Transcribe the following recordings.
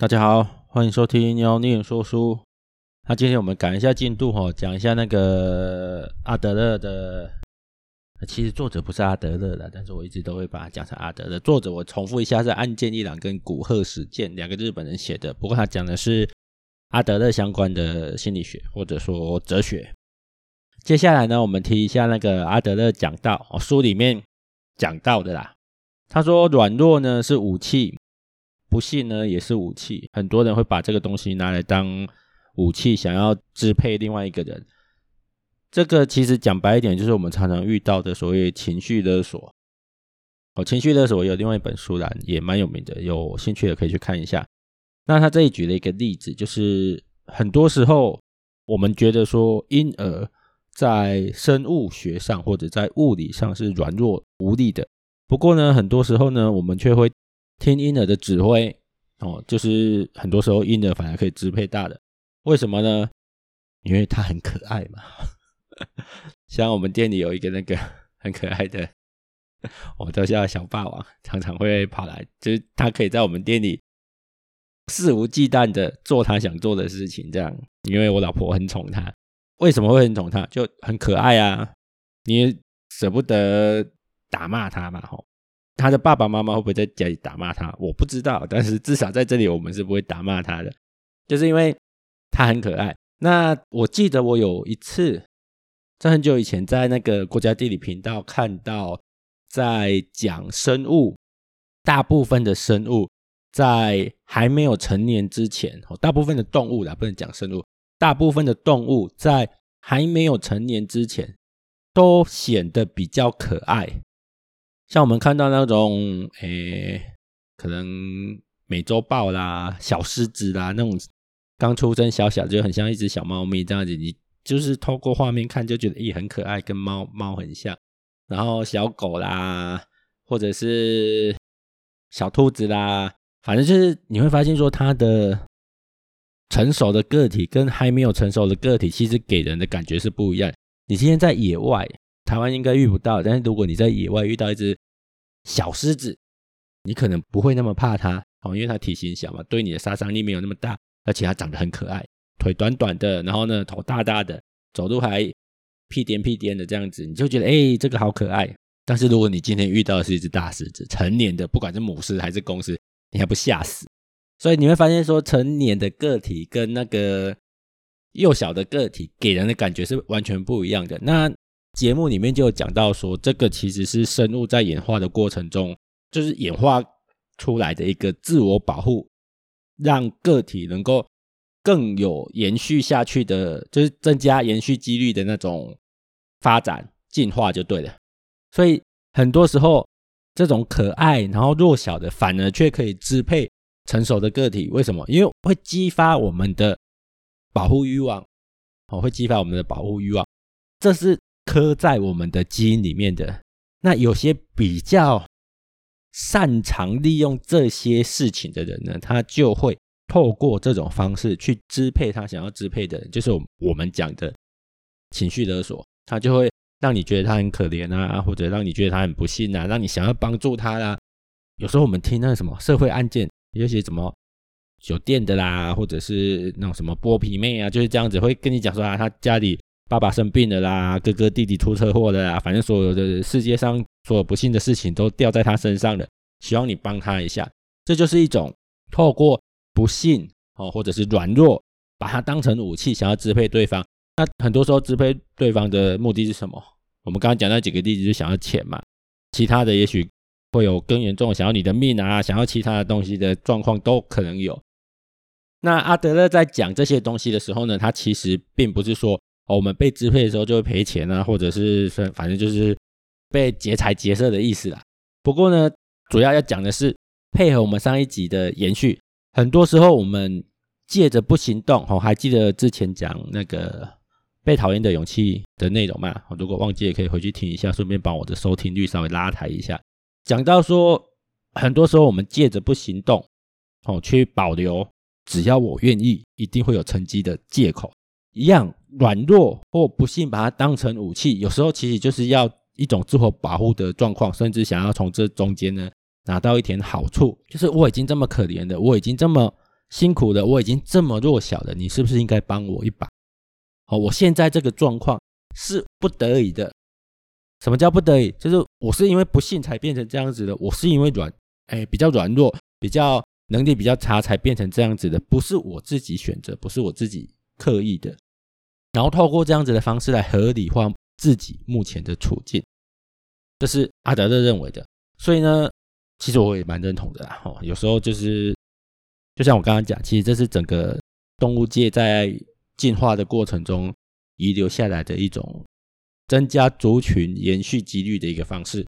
大家好，歡迎收聽哦、妖孽說書。那、啊、今天我們趕一下進度哦，講一下那個阿德勒的。其實作者不是阿德勒的，但是我一直都會把它講成阿德勒作者。我重複一下，是岸見一郎跟古賀史健兩個日本人寫的。不過他講的是阿德勒相關的心理學或者說哲學。接下來呢，我們聽一下那個阿德勒講到哦，書裡面講到的啦。他說，軟弱呢是武器。不幸呢，也是武器。很多人會把這個東西拿來當武器，想要支配另外一個人。這個其實講白一點，就是我們常常遇到的所謂情緒勒索。哦，情緒勒索，有另外一本書啦，也蠻有名的，有興趣的可以去看一下。那他這裡舉了一個例子，就是很多時候我們覺得說嬰兒在生物學上或者在物理上是軟弱無力的，不過呢，很多時候呢，我們卻會。聽嬰兒的指揮哦，就是很多時候嬰兒反而可以支配大的，為什麼呢？因為他很可愛嘛。 像我們店裡有一個那個很可愛的，我都叫小霸王，常常會跑來，就是他可以在我們店裡肆無忌憚的做他想做的事情，這樣。因為我老婆很寵他，為什麼會很寵他？就很可愛啊，你捨不得打罵他嘛，吼、哦。他的爸爸媽媽會不會在家裡打罵他？我不知道，但是至少在這裡我們是不會打罵他的，就是因為他很可愛。那我記得我有一次在很久以前在那個國家地理頻道看到，在講生物，大部分的生物在還沒有成年之前，哦，大部分的動物啦，不能講生物，大部分的動物在還沒有成年之前都顯得比較可愛。像我們看到那種誒，可能美洲豹啦、小獅子啦那種剛出生小小，就很像一隻小貓咪這樣子，你就是透過畫面看就覺得咦，很可愛，跟貓貓很像。然後小狗啦，或者是小兔子啦，反正就是你會發現說，它的成熟的個體跟還沒有成熟的個體其實給人的感覺是不一樣。你今天在野外。台灣應該遇不到，但是如果你在野外遇到一隻小獅子，你可能不會那麼怕它哦，因為它體型小嘛，對你的殺傷力沒有那麼大，而且它長得很可愛，腿短短的，然後呢，頭大大的，走路還屁顛屁顛的這樣子，你就覺得哎、欸，這個好可愛。但是如果你今天遇到的是一隻大獅子，成年的，不管是母獅還是公獅，你還不嚇死？所以你會發現說，成年的個體跟那個幼小的個體給人的感覺是完全不一樣的。那節目裡面就有講到說，這個其實是生物在演化的過程中，就是演化出來的一個自我保護，讓個體能夠更有延續下去的，就是增加延續幾率的那種發展進化就對了。所以很多時候，這種可愛然後弱小的反而卻可以支配成熟的個體，為什麼？因為會激發我們的保護慾望，哦，會激發我們的保護慾望，這是。刻在我們的基因裡面的那有些比較擅長利用這些事情的人呢，他就會透過這種方式去支配他想要支配的人，就是我們講的情緒勒索，他就會讓你覺得他很可憐啊，或者讓你覺得他很不幸啊，讓你想要幫助他啦啊。有時候我們聽那什麼社會案件，有些什麼酒店的啦，或者是那種什麼剝皮妹啊，就是這樣子會跟你講說啊，他家裡。爸爸生病了啦，哥哥弟弟出車禍了啦，反正所有的世界上所有不幸的事情都掉在他身上了，希望你幫他一下。這就是一種透過不幸哦，或者是軟弱，把他當成武器，想要支配對方。那很多時候支配對方的目的是什麼？我們剛剛講那幾個例子，就想要錢嘛。其他的也許會有更嚴重，想要你的命啊，想要其他的東西的狀況都可能有。那阿德勒在講這些東西的時候呢，他其實並不是說。哦，我們被支配的時候就會賠錢啊，或者是說，反正就是被劫財劫色的意思啦。不過呢，主要要講的是配合我們上一集的延續。很多時候，我們借着不行動，哦，還記得之前講那個被討厭的勇氣的內容嘛？哦，如果忘記也可以回去聽一下，順便把我的收聽率稍微拉抬一下。講到說，很多時候我們借着不行動，哦，去保留只要我願意，一定會有成績的借口。一樣軟弱或不幸，把它當成武器，有時候其實就是要一種自我保護的狀況，甚至想要從這中間呢拿到一點好處。就是我已經這麼可憐的，我已經這麼辛苦了，我已經這麼弱小了，你是不是應該幫我一把？哦，我現在這個狀況是不得已的。什麼叫不得已？就是我是因為不幸才變成這樣子的，我是因為軟，哎、欸，比較軟弱，比較能力比較差才變成這樣子的，不是我自己選擇，不是我自己。刻意的，然後透過這樣子的方式來合理化自己目前的處境，這是阿德勒認為的。所以呢，其實我也蠻認同的啦。有時候就是，就像我剛剛講，其實這是整個動物界在進化的過程中遺留下來的一種增加族群延續幾率的一個方式。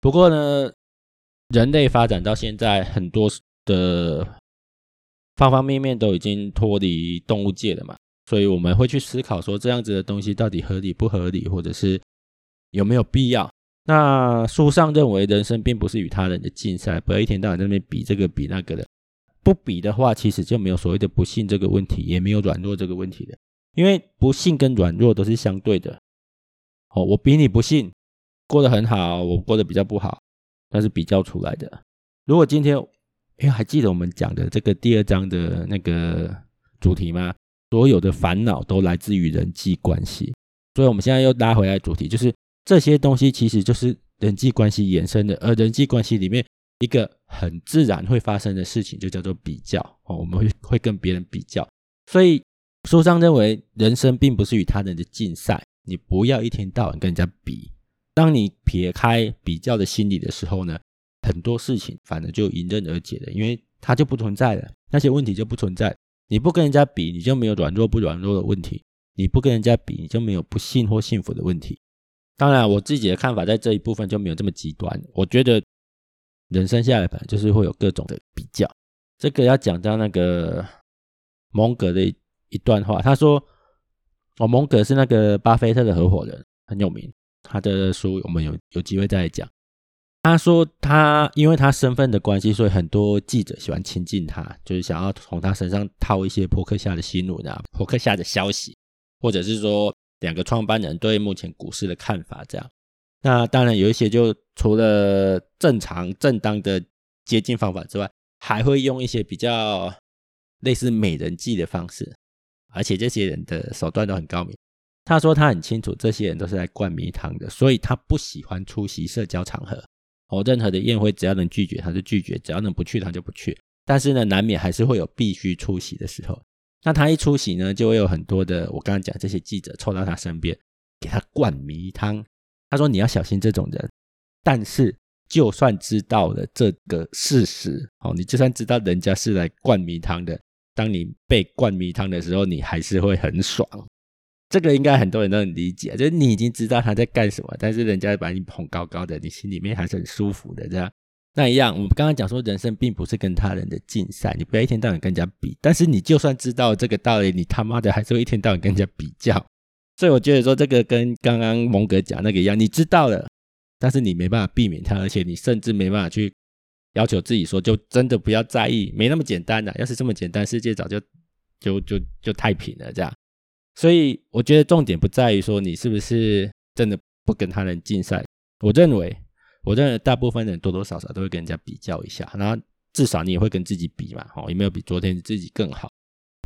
不過呢，人類發展到現在，很多的。方方面面都已經脫離動物界了嘛，所以我們會去思考說，這樣子的東西到底合理不合理，或者是有沒有必要。那書上認為人生並不是與他人的競賽，不要一天到晚在那邊比這個比那個的。不比的話，其實就沒有所謂的不幸這個問題，也沒有軟弱這個問題的。因為不幸跟軟弱都是相對的。哦，我比你不幸，過得很好，我過得比較不好，那是比較出來的。如果今天，哎，還記得我們講的這個第二章的那個主題嗎？所有的煩惱都來自於人際關係，所以我們現在又拉回來主題，就是這些東西其實就是人際關係延伸的。而、呃、人際關係裡面一個很自然會發生的事情，就叫做比較哦，我們會會跟別人比較。所以書上認為，人生並不是與他人的競賽，你不要一天到晚跟人家比。當你撇開比較的心理的時候呢，很多事情反而就迎刃而解了，因為它就不存在了，那些問題就不存在。你不跟人家比，你就沒有軟弱不軟弱的問題；你不跟人家比，你就沒有不幸或幸福的問題。當然，我自己的看法在這一部分就沒有這麼極端。我覺得人生下來反正就是會有各種的比較。這個要講到那個蒙格的一段話，他說：“哦，蒙格是那個巴菲特的合夥人，很有名。他的書我們有有機會再來講。”他說，他因為他身份的關係，所以很多記者喜歡親近他，就是想要從他身上套一些波克夏的新聞、波克夏的消息，或者是說兩個創辦人對目前股市的看法這樣。那當然有一些，就除了正常正當的接近方法之外，還會用一些比較類似美人計的方式，而且這些人的手段都很高明。他說，他很清楚這些人都是來灌迷湯的，所以他不喜歡出席社交場合。哦，任何的宴會只要能拒絕他就拒絕，只要能不去他就不去。但是呢，難免還是會有必須出席的時候。那他一出席呢，就會有很多的我剛剛講這些記者湊到他身邊，給他灌迷湯。他說你要小心這種人。但是就算知道了這個事實，哦，你就算知道人家是來灌迷湯的，當你被灌迷湯的時候，你還是會很爽。這個應該很多人都很理解，就是你已經知道他在幹什麼，但是人家把你捧高高的，你心裡面還是很舒服的，這樣。那一樣，我們剛剛講說，人生並不是跟他人的競賽，你不要一天到晚跟人家比。但是你就算知道這個道理，你他媽的還是會一天到晚跟人家比較。所以我覺得說，這個跟剛剛蒙哥講那個一樣，你知道了，但是你沒辦法避免他，而且你甚至沒辦法去要求自己說，就真的不要在意，沒那麼簡單的啊，要是這麼簡單，世界早就就就就就太平了，這樣。所以我覺得重點不在於說你是不是真的不跟他人競賽。我認為，我認為大部分人多多少少都會跟人家比較一下，然後至少你也會跟自己比嘛。哦，有沒有比昨天自己更好？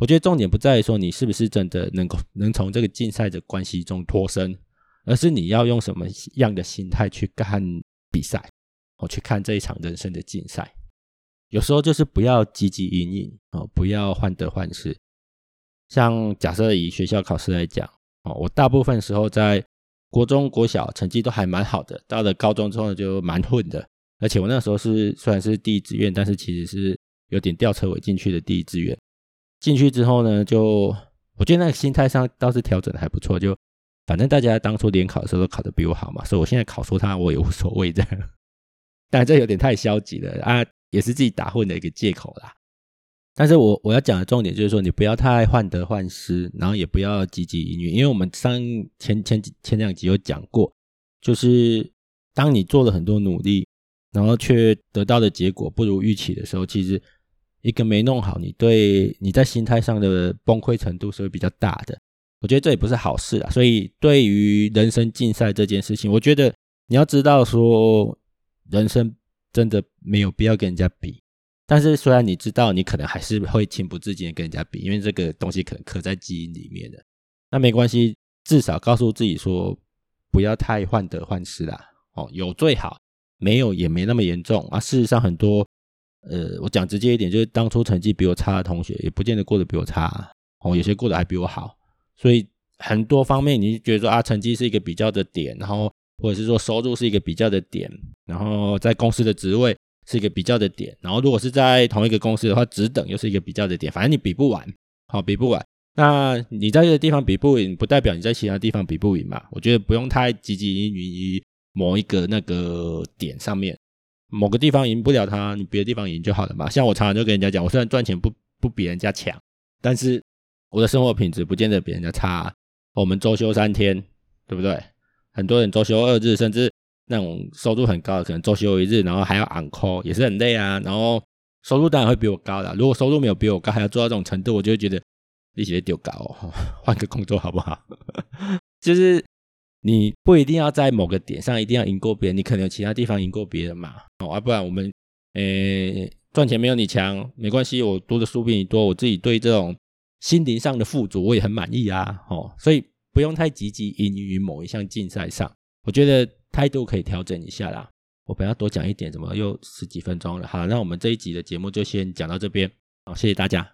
我覺得重點不在於說你是不是真的能夠能從這個競賽的關係中脫身，而是你要用什麼樣的心態去看比賽，哦，去看這一場人生的競賽。有時候就是不要汲汲營營哦，不要患得患失。像假設以學校考試來講，哦，我大部分時候在國中、國小成績都還蠻好的，到了高中之後就蠻混的。而且我那時候是雖然是第一志願，但是其實是有點吊車尾進去的第一志願。進去之後呢，就我覺得那個心態上倒是調整的還不錯，就反正大家當初聯考的時候都考得比我好嘛，所以我現在考出他我也無所謂。這樣，但這有點太消極了啊，也是自己打混的一個借口啦。但是我我要講的重點就是說，你不要太患得患失，然後也不要積極迎虐，因為我們上前前前兩集有講過，就是當你做了很多努力，然後卻得到的結果不如預期的時候，其實一個沒弄好，你對你在心態上的崩潰程度是會比較大的。我覺得這也不是好事啊。所以對於人生競賽這件事情，我覺得你要知道說，人生真的沒有必要跟人家比。但是，雖然你知道，你可能還是會情不自禁的跟人家比，因為這個東西可能刻在基因裡面的。那沒關係，至少告訴自己說，不要太患得患失啦。哦，有最好，沒有也沒那麼嚴重啊。事實上，很多，呃，我講直接一點，就是當初成績比我差的同學，也不見得過得比我差哦。有些過得還比我好，所以很多方面，你就覺得說啊，成績是一個比較的點，然後或者是說收入是一個比較的點，然後在公司的職位。是一個比較的點，然後如果是在同一個公司的話，職等又是一個比較的點，反正你比不完，好比不完。那你在這個地方比不贏，不代表你在其他地方比不贏嘛。我覺得不用太汲汲營營於某一個那個點上面，某個地方贏不了他，你別的地方贏就好了嘛。像我常常就跟人家講，我雖然賺錢不不比人家強，但是我的生活品質不見得比人家差啊。我們周休三天，對不對？很多人周休二日，甚至。那種收入很高的，可能周休一日，然後還要 on call，也是很累啊。然後收入當然會比我高了。如果收入沒有比我高，還要做到這種程度，我就會覺得利息丟高、哦，換個工作好不好？ 就是你不一定要在某個點上一定要贏過別人，你可能有其他地方贏過別人嘛。哦，啊，不然我們誒賺錢沒有你強，沒關係，我讀的書比你多，我自己對這種心靈上的富足我也很滿意啊。哦，所以不用太積極贏於某一項競賽上，我覺得。態度可以調整一下啦，我不要多講一點，怎麼又十幾分鐘了？好，那我們這一集的節目就先講到這邊，好，謝謝大家。